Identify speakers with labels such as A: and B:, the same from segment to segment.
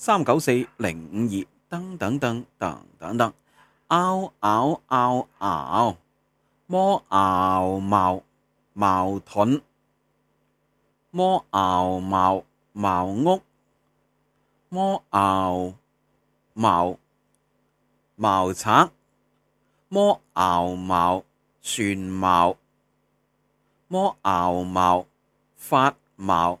A: 三九四零五二，等等等等等等，嗷嗷嗷嗷，摸嗷毛矛盾，摸嗷毛茅屋，摸嗷毛蟊賊，摸嗷毛船錨，摸嗷毛發矛。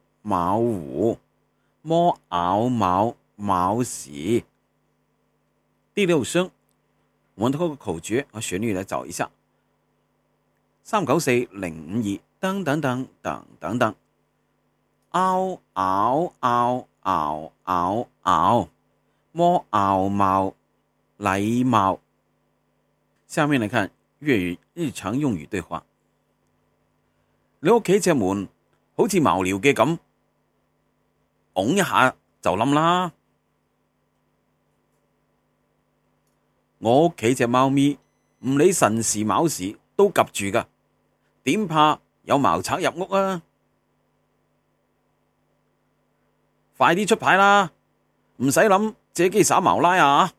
A: 卯五摸咬卯卯屎。第六聲，我們通過口訣和旋律嚟找一下，三九四零五二，等等等等等等，咬咬咬咬咬咬，摸咬卯禮貌，下面嚟看粵語日常用語對話，你屋企隻門好似茅寮嘅咁。擁一下就冧啦，我屋企隻貓咪唔理辰時卯時都及住噶，點怕有蟊賊入屋啊？快啲出牌啦，唔使諗借機耍矛賴啊！